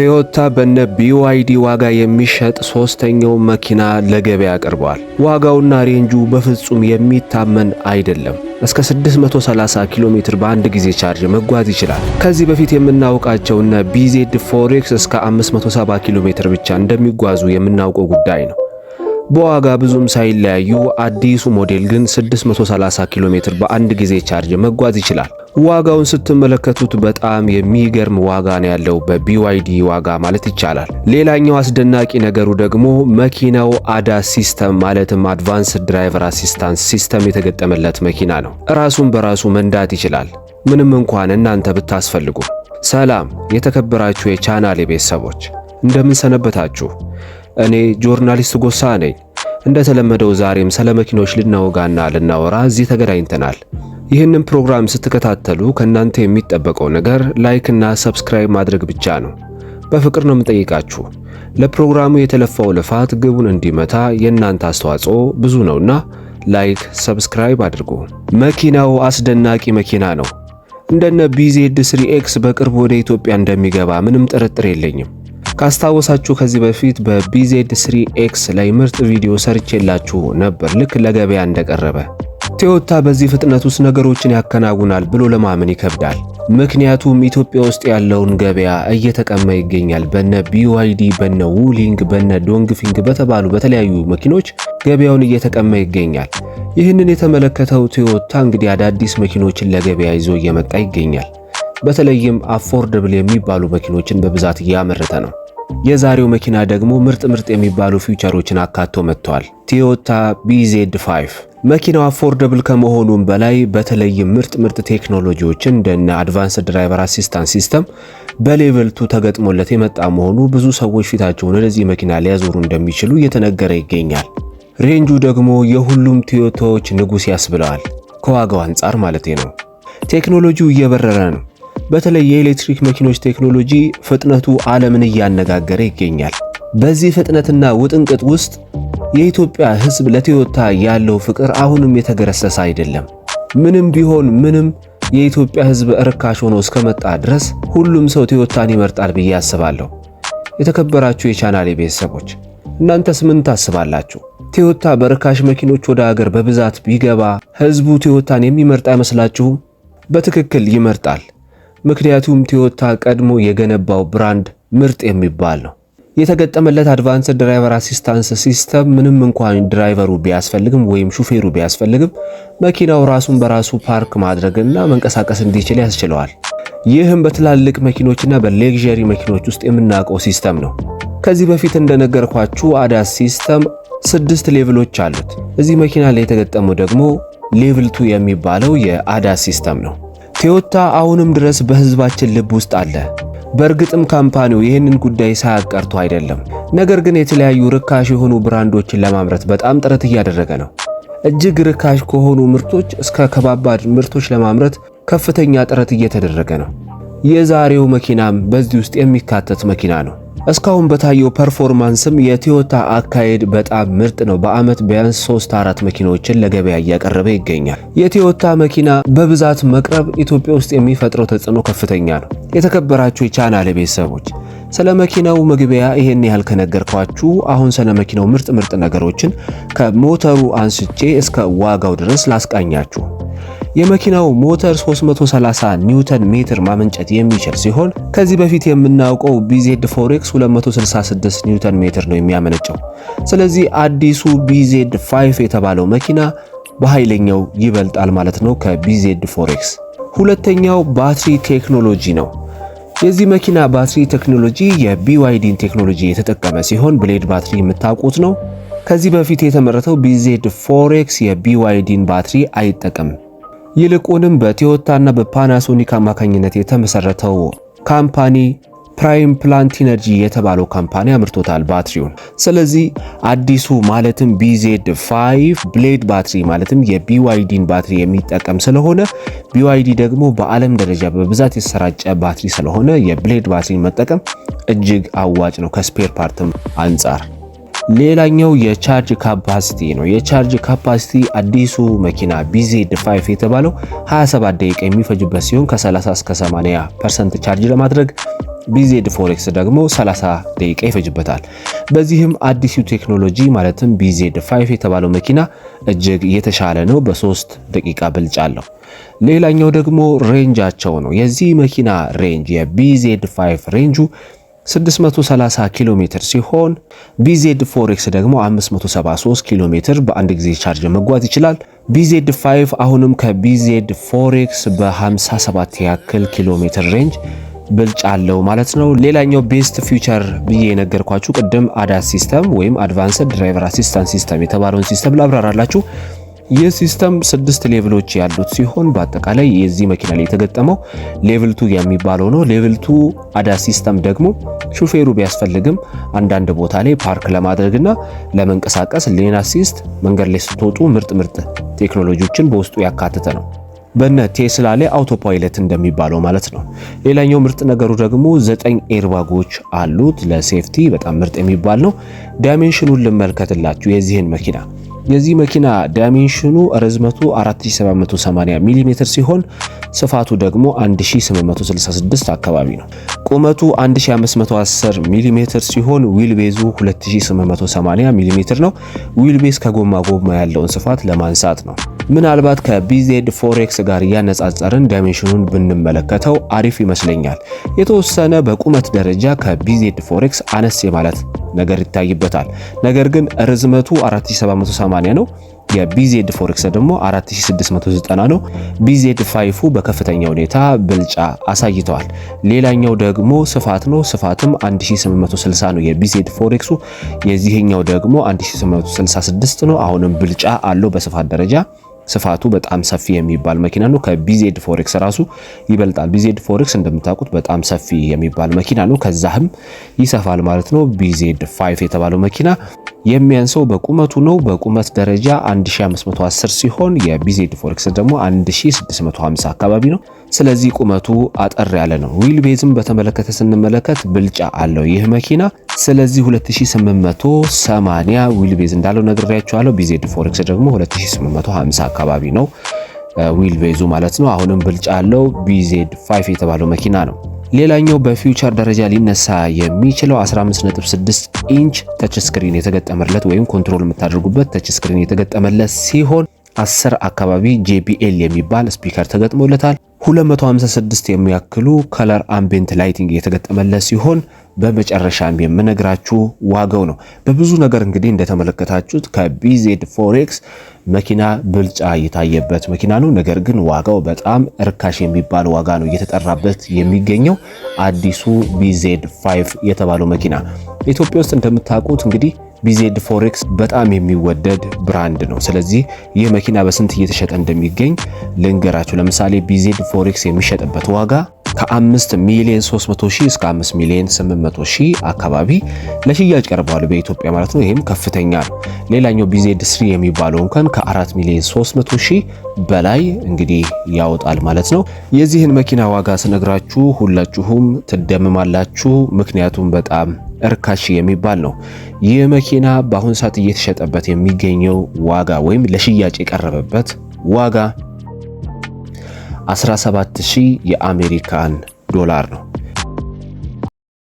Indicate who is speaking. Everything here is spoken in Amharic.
Speaker 1: ቶዮታ በነ ቢዋይዲ ዋጋ የሚሸጥ ሶስተኛው መኪና ለገበያ ቀርበዋል። ዋጋውና ሬንጁ በፍጹም የሚታመን አይደለም። እስከ 630 ኪሎ ሜትር በአንድ ጊዜ ቻርጅ መጓዝ ይችላል። ከዚህ በፊት የምናውቃቸው እነ ቢዜድ ፎሬክስ እስከ 570 ኪሎ ሜትር ብቻ እንደሚጓዙ የምናውቀው ጉዳይ ነው። በዋጋ ብዙም ሳይለያዩ አዲሱ ሞዴል ግን 630 ኪሎ ሜትር በአንድ ጊዜ ቻርጅ መጓዝ ይችላል። ዋጋውን ስትመለከቱት በጣም የሚገርም ዋጋ ነው ያለው በቢዋይዲ ዋጋ ማለት ይቻላል። ሌላኛው አስደናቂ ነገሩ ደግሞ መኪናው አዳ ሲስተም ማለትም አድቫንስ ድራይቨር አሲስታንስ ሲስተም የተገጠመለት መኪና ነው። ራሱን በራሱ መንዳት ይችላል ምንም እንኳን እናንተ ብታስፈልጉ። ሰላም የተከበራችሁ የቻናሌ ቤተሰቦች እንደምን ሰነበታችሁ? እኔ ጆርናሊስት ጎሳ ነኝ። እንደተለመደው ዛሬም ስለ መኪኖች ልናወጋና ልናወራ እዚህ ተገናኝተናል። ይህንን ፕሮግራም ስትከታተሉ ከእናንተ የሚጠበቀው ነገር ላይክ እና ሰብስክራይብ ማድረግ ብቻ ነው። በፍቅር ነው የምጠይቃችሁ። ለፕሮግራሙ የተለፋው ልፋት ግቡን እንዲመታ የእናንተ አስተዋጽኦ ብዙ ነውና ላይክ፣ ሰብስክራይብ አድርጉ። መኪናው አስደናቂ መኪና ነው። እንደነ ቢዜድ 3ኤክስ በቅርብ ወደ ኢትዮጵያ እንደሚገባ ምንም ጥርጥር የለኝም። ካስታወሳችሁ ከዚህ በፊት በቢዜድ 3ኤክስ ላይ ምርጥ ቪዲዮ ሰርቼላችሁ ነበር ልክ ለገበያ እንደቀረበ ቶዮታ በዚህ ፍጥነት ውስጥ ነገሮችን ያከናውናል ብሎ ለማመን ይከብዳል። ምክንያቱም ኢትዮጵያ ውስጥ ያለውን ገበያ እየተቀማ ይገኛል። በነ ቢዋይዲ፣ በነ ውሊንግ፣ በነ ዶንግፊንግ በተባሉ በተለያዩ መኪኖች ገበያውን እየተቀማ ይገኛል። ይህንን የተመለከተው ቶዮታ እንግዲህ አዳዲስ መኪኖችን ለገበያ ይዞ እየመጣ ይገኛል። በተለይም አፎርደብል የሚባሉ መኪኖችን በብዛት እያመረተ ነው። የዛሬው መኪና ደግሞ ምርጥ ምርጥ የሚባሉ ፊውቸሮችን አካቶ መጥቷል። ቶዮታ ቢዜድ 5 መኪናው አፎርደብል ከመሆኑም በላይ በተለይ ምርጥ ምርጥ ቴክኖሎጂዎችን እንደነ አድቫንስድ ድራይቨር አሲስታንት ሲስተም በሌቨልቱ ተገጥሞለት የመጣ መሆኑ ብዙ ሰዎች ፊታቸውን ወደዚህ መኪና ሊያዞሩ እንደሚችሉ እየተነገረ ይገኛል። ሬንጁ ደግሞ የሁሉም ቶዮታዎች ንጉሥ ያስብለዋል። ከዋጋው አንጻር ማለቴ ነው። ቴክኖሎጂው እየበረረ ነው። በተለይ የኤሌክትሪክ መኪኖች ቴክኖሎጂ ፍጥነቱ ዓለምን እያነጋገረ ይገኛል። በዚህ ፍጥነትና ውጥንቅጥ ውስጥ የኢትዮጵያ ሕዝብ ለቶዮታ ያለው ፍቅር አሁንም የተገረሰሰ አይደለም። ምንም ቢሆን ምንም የኢትዮጵያ ሕዝብ እርካሽ ሆኖ እስከመጣ ድረስ ሁሉም ሰው ቶዮታን ይመርጣል ብዬ አስባለሁ። የተከበራችሁ የቻናሌ ቤተሰቦች እናንተስ ምን ታስባላችሁ? ቶዮታ በርካሽ መኪኖች ወደ አገር በብዛት ቢገባ ሕዝቡ ቶዮታን የሚመርጥ አይመስላችሁም? በትክክል ይመርጣል። ምክንያቱም ቶዮታ ቀድሞ የገነባው ብራንድ ምርጥ የሚባል ነው። የተገጠመለት አድቫንስ ድራይቨር አሲስታንስ ሲስተም ምንም እንኳን ድራይቨሩ ቢያስፈልግም ወይም ሹፌሩ ቢያስፈልግም መኪናው ራሱን በራሱ ፓርክ ማድረግና መንቀሳቀስ እንዲችል ያስችለዋል። ይህም በትላልቅ መኪኖችና በሌግዠሪ መኪኖች ውስጥ የምናውቀው ሲስተም ነው። ከዚህ በፊት እንደነገርኳችሁ አዳስ ሲስተም ስድስት ሌቭሎች አሉት። እዚህ መኪና ላይ የተገጠመው ደግሞ ሌቭል ቱ የሚባለው የአዳስ ሲስተም ነው። ቶዮታ አሁንም ድረስ በህዝባችን ልብ ውስጥ አለ። በእርግጥም ካምፓኒው ይህንን ጉዳይ ሳያቅ ቀርቶ አይደለም። ነገር ግን የተለያዩ ርካሽ የሆኑ ብራንዶችን ለማምረት በጣም ጥረት እያደረገ ነው። እጅግ ርካሽ ከሆኑ ምርቶች እስከ ከባባድ ምርቶች ለማምረት ከፍተኛ ጥረት እየተደረገ ነው። የዛሬው መኪናም በዚህ ውስጥ የሚካተት መኪና ነው። እስካሁን በታየው ፐርፎርማንስም የቶዮታ አካሄድ በጣም ምርጥ ነው። በአመት ቢያንስ 3 አራት መኪናዎችን ለገበያ እያቀረበ ይገኛል። የቶዮታ መኪና በብዛት መቅረብ ኢትዮጵያ ውስጥ የሚፈጥረው ተጽዕኖ ከፍተኛ ነው። የተከበራችሁ የቻናሌ ቤተሰቦች ስለ መኪናው መግቢያ ይሄን ያህል ከነገርኳችሁ፣ አሁን ስለ መኪናው ምርጥ ምርጥ ነገሮችን ከሞተሩ አንስቼ እስከ ዋጋው ድረስ ላስቃኛችሁ። የመኪናው ሞተር 330 ኒውተን ሜትር ማመንጨት የሚችል ሲሆን ከዚህ በፊት የምናውቀው ቢዜድ ፎሬክስ 266 ኒውተን ሜትር ነው የሚያመነጨው። ስለዚህ አዲሱ ቢዜድ 5 የተባለው መኪና በኃይለኛው ይበልጣል ማለት ነው ከቢዜድ ፎሬክስ። ሁለተኛው ባትሪ ቴክኖሎጂ ነው። የዚህ መኪና ባትሪ ቴክኖሎጂ የቢዋይዲን ቴክኖሎጂ የተጠቀመ ሲሆን ብሌድ ባትሪ የምታውቁት ነው። ከዚህ በፊት የተመረተው ቢዜድ ፎሬክስ የቢዋይዲን ባትሪ አይጠቀምም። ይልቁንም በቲዮታና በፓናሶኒክ አማካኝነት የተመሰረተው ካምፓኒ ፕራይም ፕላንት ኢነርጂ የተባለው ካምፓኒ አምርቶታል ባትሪውን። ስለዚህ አዲሱ ማለትም ቢዜድ 5 ብሌድ ባትሪ ማለትም የቢዋይዲን ባትሪ የሚጠቀም ስለሆነ ቢዋይዲ ደግሞ በዓለም ደረጃ በብዛት የተሰራጨ ባትሪ ስለሆነ የብሌድ ባትሪን መጠቀም እጅግ አዋጭ ነው ከስፔር ፓርትም አንጻር። ሌላኛው የቻርጅ ካፓሲቲ ነው። የቻርጅ ካፓሲቲ አዲሱ መኪና ቢዜድ 5 የተባለው 27 ደቂቃ የሚፈጅበት ሲሆን ከ30 እስከ 80 ፐርሰንት ቻርጅ ለማድረግ ቢዜድ ፎሬክስ ደግሞ 30 ደቂቃ ይፈጅበታል። በዚህም አዲሱ ቴክኖሎጂ ማለትም ቢዜድ 5 የተባለው መኪና እጅግ የተሻለ ነው። በሶስት ደቂቃ ብልጫ አለው። ሌላኛው ደግሞ ሬንጃቸው ነው። የዚህ መኪና ሬንጅ የቢዜድ 5 ሬንጁ 630 ኪሎ ሜትር ሲሆን ቢዜድ ፎሬክስ ደግሞ 573 ኪሎ ሜትር በአንድ ጊዜ ቻርጅ መጓዝ ይችላል። ቢዜድ 5 አሁንም ከቢዜድ ፎሬክስ በ57 ያክል ኪሎ ሜትር ሬንጅ ብልጫ አለው ማለት ነው። ሌላኛው ቤስት ፊውቸር ብዬ የነገርኳችሁ ቅድም አዳስ ሲስተም ወይም አድቫንስድ ድራይቨር አሲስታንስ ሲስተም የተባለውን ሲስተም ላብራራላችሁ። ይህ ሲስተም ስድስት ሌቭሎች ያሉት ሲሆን በአጠቃላይ የዚህ መኪና ላይ የተገጠመው ሌቭል ቱ የሚባለው ነው። ሌቭል ቱ አዳ ሲስተም ደግሞ ሹፌሩ ቢያስፈልግም አንዳንድ ቦታ ላይ ፓርክ ለማድረግና ለመንቀሳቀስ ሌን አሲስት፣ መንገድ ላይ ስትወጡ ምርጥ ምርጥ ቴክኖሎጂዎችን በውስጡ ያካተተ ነው። በነ ቴስላ ላይ አውቶ ፓይለት እንደሚባለው ማለት ነው። ሌላኛው ምርጥ ነገሩ ደግሞ ዘጠኝ ኤርባጎች አሉት። ለሴፍቲ በጣም ምርጥ የሚባል ነው። ዳይሜንሽኑን ልመልከትላችሁ የዚህን መኪና የዚህ መኪና ዳይሜንሽኑ ርዝመቱ 4780 ሚሜ ሲሆን ስፋቱ ደግሞ 1866 አካባቢ ነው። ቁመቱ 1510 ሚሜ ሲሆን ዊል ቤዙ 2880 ሚሜ ነው። ዊል ቤዝ ከጎማ ጎማ ያለውን ስፋት ለማንሳት ነው። ምናልባት ከቢዜድ ፎሬክስ ጋር እያነጻጸርን ዳይሜንሽኑን ብንመለከተው አሪፍ ይመስለኛል። የተወሰነ በቁመት ደረጃ ከቢዜድ ፎሬክስ አነስ የማለት ነገር ይታይበታል። ነገር ግን ርዝመቱ 4780 ነው። የቢዜድ ፎሬክስ ደግሞ 4690 ነው። ቢዜድ ፋይፉ በከፍተኛ ሁኔታ ብልጫ አሳይተዋል። ሌላኛው ደግሞ ስፋት ነው። ስፋትም 1860 ነው የቢዜድ ፎሬክሱ። የዚህኛው ደግሞ 1866 ነው። አሁንም ብልጫ አለው በስፋት ደረጃ ስፋቱ በጣም ሰፊ የሚባል መኪና ነው። ከቢዜድ ፎሬክስ ራሱ ይበልጣል። ቢዜድ ፎሬክስ እንደምታውቁት በጣም ሰፊ የሚባል መኪና ነው። ከዛህም ይሰፋል ማለት ነው። ቢዜድ 5 የተባለው መኪና የሚያንሰው በቁመቱ ነው። በቁመት ደረጃ 1510 ሲሆን የቢዜድ ፎሬክስ ደግሞ 1650 አካባቢ ነው። ስለዚህ ቁመቱ አጠር ያለ ነው። ዊል ቤዝም በተመለከተ ስንመለከት ብልጫ አለው ይህ መኪና። ስለዚህ 2880 ዊል ቤዝ እንዳለው ነግሬያችኋለሁ። ቢዜድ ፎሬክስ ደግሞ 2850 አካባቢ ነው ዊል uh, ቤዙ ማለት ነው። አሁንም ብልጫ አለው። ቢዜድ 5 የተባለው መኪና ነው። ሌላኛው በፊውቸር ደረጃ ሊነሳ የሚችለው 15.6 ኢንች ተች ስክሪን የተገጠመለት ወይም ኮንትሮል የምታደርጉበት ተች ስክሪን የተገጠመለት ሲሆን 10 አካባቢ JBL የሚባል ስፒከር ተገጥሞለታል። 256 የሚያክሉ ከለር አምቢንት ላይቲንግ የተገጠመለት ሲሆን በመጨረሻም የምነግራችሁ ዋጋው ነው። በብዙ ነገር እንግዲህ እንደተመለከታችሁት ከBZ ፎሬክስ መኪና ብልጫ የታየበት መኪና ነው። ነገር ግን ዋጋው በጣም እርካሽ የሚባል ዋጋ ነው እየተጠራበት የሚገኘው አዲሱ BZ5 የተባለው መኪና ኢትዮጵያ ውስጥ እንደምታውቁት እንግዲህ ቢዜድ ፎሬክስ በጣም የሚወደድ ብራንድ ነው። ስለዚህ ይህ መኪና በስንት እየተሸጠ እንደሚገኝ ልንገራችሁ። ለምሳሌ ቢዜድ ፎሬክስ የሚሸጥበት ዋጋ ከ5 ሚሊዮን 300 ሺህ እስከ 5 ሚሊዮን 800 ሺህ አካባቢ ለሽያጭ ቀርበዋል በኢትዮጵያ ማለት ነው። ይህም ከፍተኛ ነው። ሌላኛው ቢዜድ ስሪ የሚባለው እንኳን ከ4 ሚሊዮን 300 ሺህ በላይ እንግዲህ ያወጣል ማለት ነው። የዚህን መኪና ዋጋ ስነግራችሁ ሁላችሁም ትደምማላችሁ። ምክንያቱም በጣም እርካሽ የሚባል ነው። ይህ መኪና በአሁን ሰዓት እየተሸጠበት የሚገኘው ዋጋ ወይም ለሽያጭ የቀረበበት ዋጋ 17000 የአሜሪካን ዶላር ነው።